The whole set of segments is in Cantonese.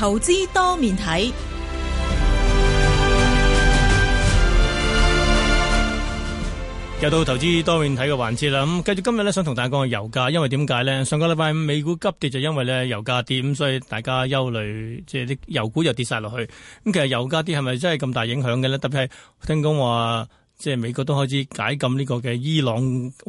投資多面睇，又到投資多面睇嘅環節啦。咁，繼續今日咧，想同大家講下油價，因為點解咧？上個禮拜美股急跌就因為咧油價跌，咁所以大家憂慮，即係啲油股又跌晒落去。咁其實油價跌係咪真係咁大影響嘅咧？特別係聽講話。即係美國都開始解禁呢個嘅伊朗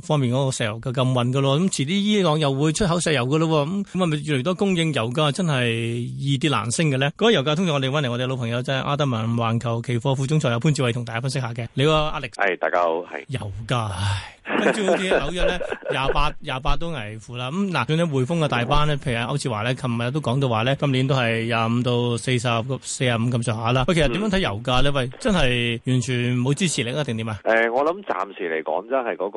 方面嗰個石油嘅禁運嘅咯，咁遲啲伊朗又會出口石油嘅咯，咁咁係咪越嚟越多供應油價，真係易跌難升嘅咧。嗰個油價通常我哋揾嚟我哋老朋友即係亞達盟環球期貨副，副總裁有潘志偉同大家分析下嘅。你好啊 Alex？係大家好，係油價。唉照好似紐約咧，廿八廿八都危乎啦！咁、嗯、嗱，佢、嗯、哋匯豐嘅大班咧，譬如啊歐志華咧，琴日都講到話咧，今年都係廿五到四十、四十五咁上下啦。喂，其實點樣睇油價咧？喂，真係完全冇支持力。一定點啊？誒、嗯，我諗暫時嚟講，真係嗰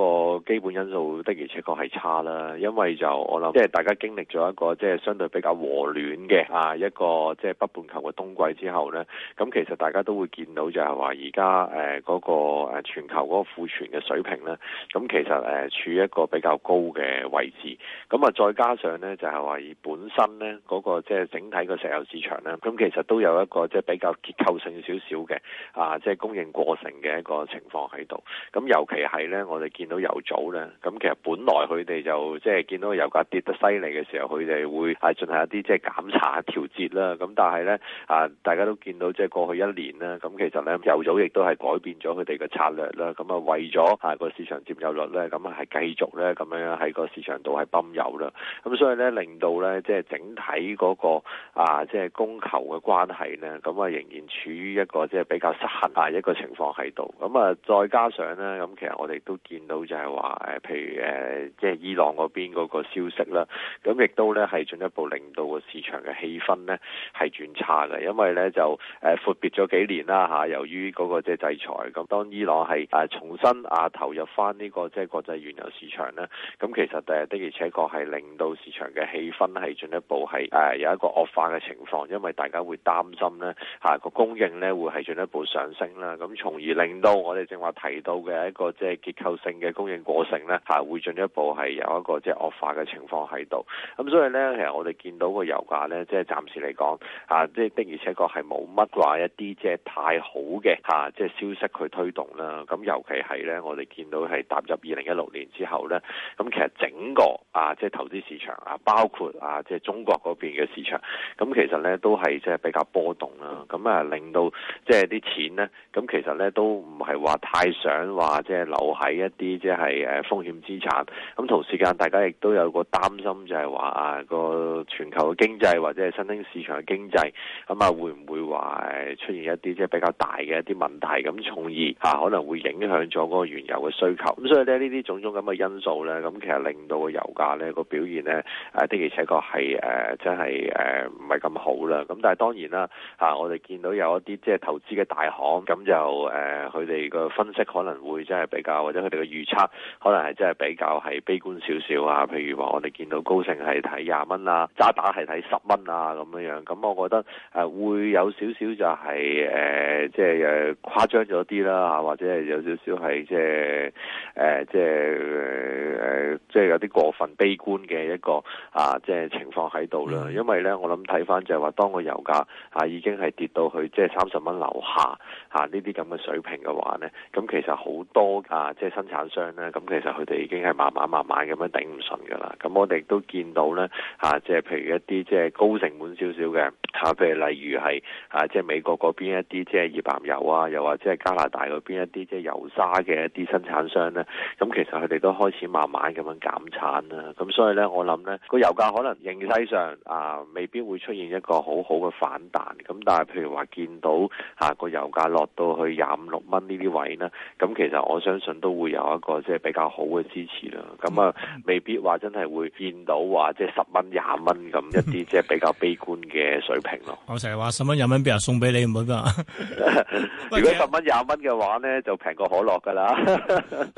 個基本因素的而且確係差啦。因為就我諗，即係大家經歷咗一個即係相對比較和暖嘅啊一個即係北半球嘅冬季之後咧，咁其實大家都會見到就係話而家誒嗰個全球嗰個庫存嘅水平咧。咁其實誒、啊、處一個比較高嘅位置，咁啊再加上呢，就係、是、話本身呢嗰、那個即係整體個石油市場呢，咁其實都有一個即係比較結構性少少嘅啊，即、就、係、是、供應過剩嘅一個情況喺度。咁尤其係呢，我哋見到油組呢，咁其實本來佢哋就即係、就是、見到油價跌得犀利嘅時候，佢哋會係進行一啲即係減產調節啦。咁但係呢，啊，大家都見到即係過去一年咧，咁其實呢，油組亦都係改變咗佢哋嘅策略啦。咁啊為咗啊個市場接。利率咧咁啊，係繼續咧咁樣喺個市場度係泵油啦。咁所以咧，令到咧即係整體嗰個啊，即係供求嘅關係呢，咁啊仍然處於一個即係比較失衡啊一個情況喺度。咁啊，再加上呢，咁其實我哋都見到就係話誒，譬如誒，即係伊朗嗰邊嗰個消息啦，咁亦都咧係進一步令到個市場嘅氣氛呢係轉差嘅，因為咧就誒闊別咗幾年啦嚇，由於嗰個即係制裁，咁當伊朗係誒重新啊投入翻呢。個即係國際原油市場呢，咁其實的而且確係令到市場嘅氣氛係進一步係誒有一個惡化嘅情況，因為大家會擔心呢嚇個、啊、供應呢會係進一步上升啦，咁從而令到我哋正話提到嘅一個即係結構性嘅供應過剩呢，嚇、啊、會進一步係有一個即係惡化嘅情況喺度。咁所以呢，其實我哋見到個油價呢，即係暫時嚟講嚇即係的而且確係冇乜話一啲即係太好嘅嚇、啊、即係消息去推動啦。咁、啊、尤其係呢，我哋見到係入二零一六年之後呢，咁其實整個啊，即係投資市場啊，包括啊，即係中國嗰邊嘅市場，咁其實呢都係即係比較波動啦。咁啊，令到即係啲錢呢，咁其實呢都唔係話太想話即係留喺一啲即係誒風險資產。咁同時間，大家亦都有個擔心，就係話個全球嘅經濟或者係新興市場嘅經濟，咁啊會唔會話出現一啲即係比較大嘅一啲問題？咁從而啊，可能會影響咗嗰個原油嘅需求。所以呢啲種種咁嘅因素咧，咁其實令到個油價咧個表現咧，誒的而且確係誒真係誒唔係咁好啦。咁但係當然啦，啊我哋見到有一啲即係投資嘅大行，咁就誒佢哋個分析可能會真係比較，或者佢哋嘅預測可能係真係比較係悲觀少少啊。譬如話我哋見到高盛係睇廿蚊啊，渣打係睇十蚊啊咁樣樣。咁我覺得誒會有少少就係、誒、誒、呃、即係誒誇張咗啲啦，或者係有少少係即係誒。呃誒，即係誒，即係有啲過分悲觀嘅一個啊，即係情況喺度啦。嗯、因為咧，我諗睇翻就係話，當個油價啊已經係跌到去即係三十蚊樓下嚇呢啲咁嘅水平嘅話咧，咁其實好多啊，即係生產商咧，咁其實佢哋已經係慢慢慢慢咁樣頂唔順噶啦。咁我哋都見到咧嚇，即係譬如一啲即係高成本少少嘅、啊、譬如例如係嚇，即係美國嗰邊一啲即係頁岩油啊，又或者係加拿大嗰邊一啲即係油砂嘅一啲生產商咧。咁其實佢哋都開始慢慢咁樣減產啦，咁所以呢，我諗呢個油價可能形勢上啊，未必會出現一個好好嘅反彈。咁但係譬如話見到下個油價落到去廿五六蚊呢啲位呢，咁其實我相信都會有一個即係比較好嘅支持啦。咁啊，未必話真係會見到話即係十蚊廿蚊咁一啲即係比較悲觀嘅水平咯。我成日話十蚊廿蚊，俾人送俾你唔好噶。如果十蚊廿蚊嘅話呢，就平過可樂噶啦。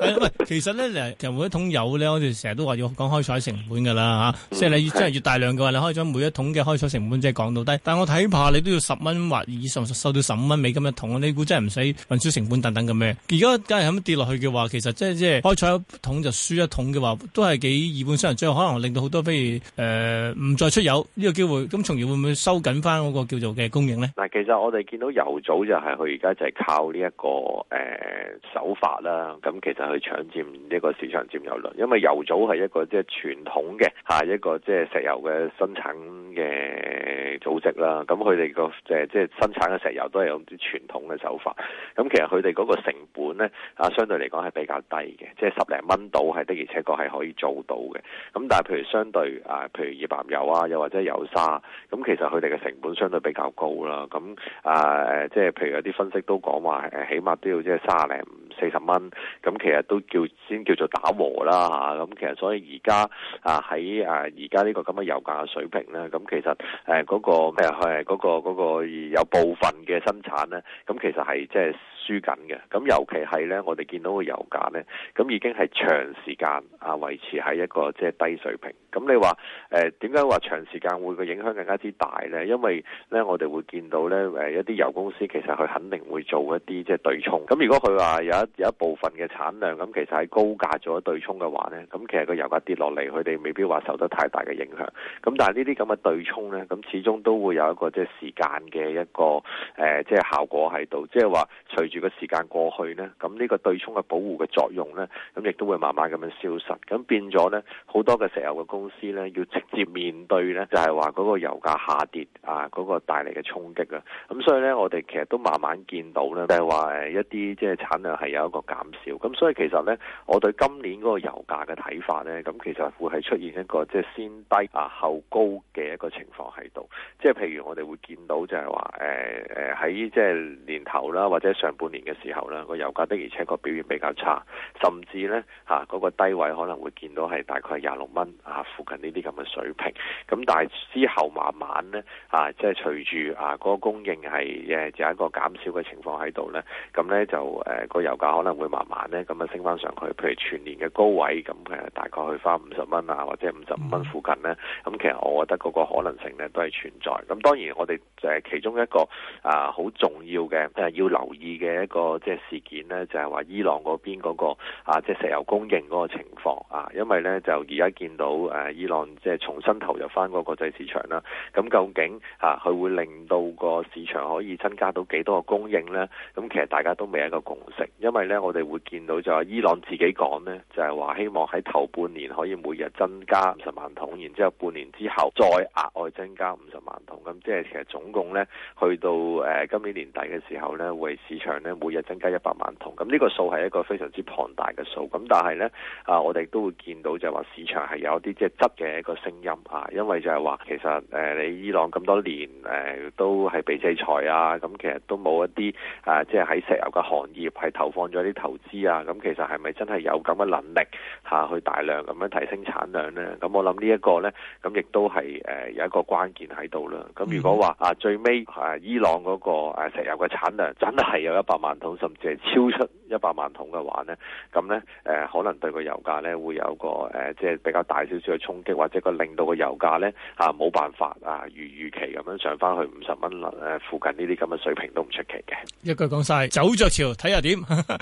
其實咧，嚟,就每一桶油咧，我哋成日都話要講開採成本噶啦吓，啊嗯、即係你真係越，越大量嘅話，你開咗每一桶嘅開採成本即係降到低。但係我睇怕你都要十蚊或以上收到十五蚊美金一桶，你估真係唔使運輸成本等等嘅咩？而家假如咁跌落去嘅話，其實即係即係開採一桶就輸一桶嘅話，都係幾二本雙人，最後可能令到好多譬如誒唔再出油呢個機會，咁從而會唔會收緊翻嗰個叫做嘅供應呢？嗱，其實我哋見到油組就係佢而家就係靠呢、這、一個誒、呃、手法啦，咁其實佢搶佔呢個市場佔有率，因為油組係一個即係傳統嘅，嚇一個即係石油嘅生產嘅組織啦，咁佢哋個即係生產嘅石油都係用啲傳統嘅手法，咁其實佢哋嗰個成本呢，啊，相對嚟講係比較低嘅，即係十零蚊到係的而且確係可以做到嘅。咁但係譬如相對啊，譬如頁岩油啊，又或者油砂，咁其實佢哋嘅成本相對比較高啦。咁啊即係譬如有啲分析都講話起碼都要即係三零四十蚊，咁其實都叫先叫做打和啦嚇。咁，啊，其實所以而家啊喺啊而家呢個咁嘅油價嘅水平呢，咁其實誒嗰，啊那個個咩係嗰個，嗰、嗰個嗰個有部分嘅生產咧，咁其實係即係輸緊嘅，咁尤其係咧，我哋見到個油價咧，咁已經係長時間啊維持喺一個即係低水平。咁你話誒點解話長時間會個影響更加之大呢？因為咧我哋會見到咧誒、呃、一啲油公司其實佢肯定會做一啲即係對沖。咁如果佢話有一有一部分嘅產量咁，其實喺高價做咗對沖嘅話呢，咁其實個油價跌落嚟，佢哋未必話受得太大嘅影響。咁但係呢啲咁嘅對沖呢，咁始終都會有一個即係時間嘅一個誒即係效果喺度，即係話隨住個時間過去呢，咁呢個對沖嘅保護嘅作用呢，咁亦都會慢慢咁樣消失。咁變咗呢，好多嘅石油嘅公公司咧要直接面對咧，就係話嗰個油價下跌啊，嗰個帶嚟嘅衝擊啊。咁所以咧，我哋其實都慢慢見到咧，就係話一啲即係產量係有一個減少。咁所以其實咧，我對今年嗰個油價嘅睇法咧，咁其實會係出現一個即係先低啊後高嘅一個情況喺度。即係譬如我哋會見到就係話誒誒喺即係年頭啦，或者上半年嘅時候咧，個油價的而且確表現比較差，甚至咧嚇嗰個低位可能會見到係大概係廿六蚊啊。附近呢啲咁嘅水平，咁但係之後慢慢呢，啊，即係隨住啊嗰、嗰個供應係誒、啊、有一個減少嘅情況喺度呢。咁呢就誒個、啊、油價可能會慢慢呢咁啊升翻上去，譬如全年嘅高位咁其實，大概去翻五十蚊啊或者五十五蚊附近呢。咁、啊、其實我覺得嗰個可能性呢都係存在。咁當然我哋誒其中一個啊好重要嘅誒、啊、要留意嘅一個即係事件呢，就係、係、話伊朗嗰邊嗰個啊即係、就係、石油供應嗰個情況啊，因為呢就而家見到。誒伊朗即係重新投入翻個國際市場啦，咁究竟嚇佢會令到個市場可以增加到幾多個供應呢？咁其實大家都未一個共識，因為呢，我哋會見到就係伊朗自己講呢，就係話希望喺頭半年可以每日增加五十萬桶，然之後半年之後再額外增加五十萬桶，咁即係其實總共呢，去到誒今年年底嘅時候呢，會市場呢每日增加一百萬桶，咁呢個數係一個非常之龐大嘅數，咁但係呢，啊我哋都會見到就係話市場係有一啲質嘅一個聲音啊，因為就係話其實誒你伊朗咁多年誒都係被制裁啊，咁其實都冇一啲啊，即係喺石油嘅行業係投放咗啲投資啊，咁其實係咪真係有咁嘅能力嚇去大量咁樣提升產量呢？咁我諗呢一個呢，咁亦都係誒有一個關鍵喺度啦。咁如果話啊最尾伊朗嗰個石油嘅產量真係有一百萬桶，甚至係超出。一百萬桶嘅話呢，咁呢，誒，可能對個油價呢會有個誒、呃，即係比較大少少嘅衝擊，或者個令到個油價呢吓冇辦法啊，如預期咁樣上翻去五十蚊誒附近呢啲咁嘅水平都唔出奇嘅。一句講晒，走着瞧，睇下點。 好、啊，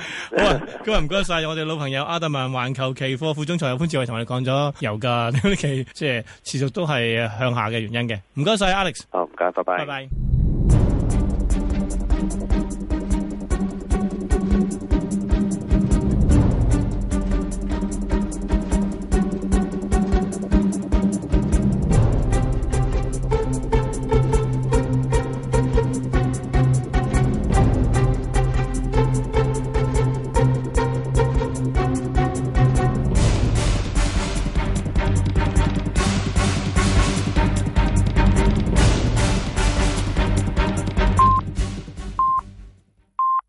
今日唔該晒我哋老朋友亞達盟環球期貨副總裁潘志偉同你講咗油價呢期即係持續都係向下嘅原因嘅。唔該晒 Alex，好，唔該，拜拜。拜拜。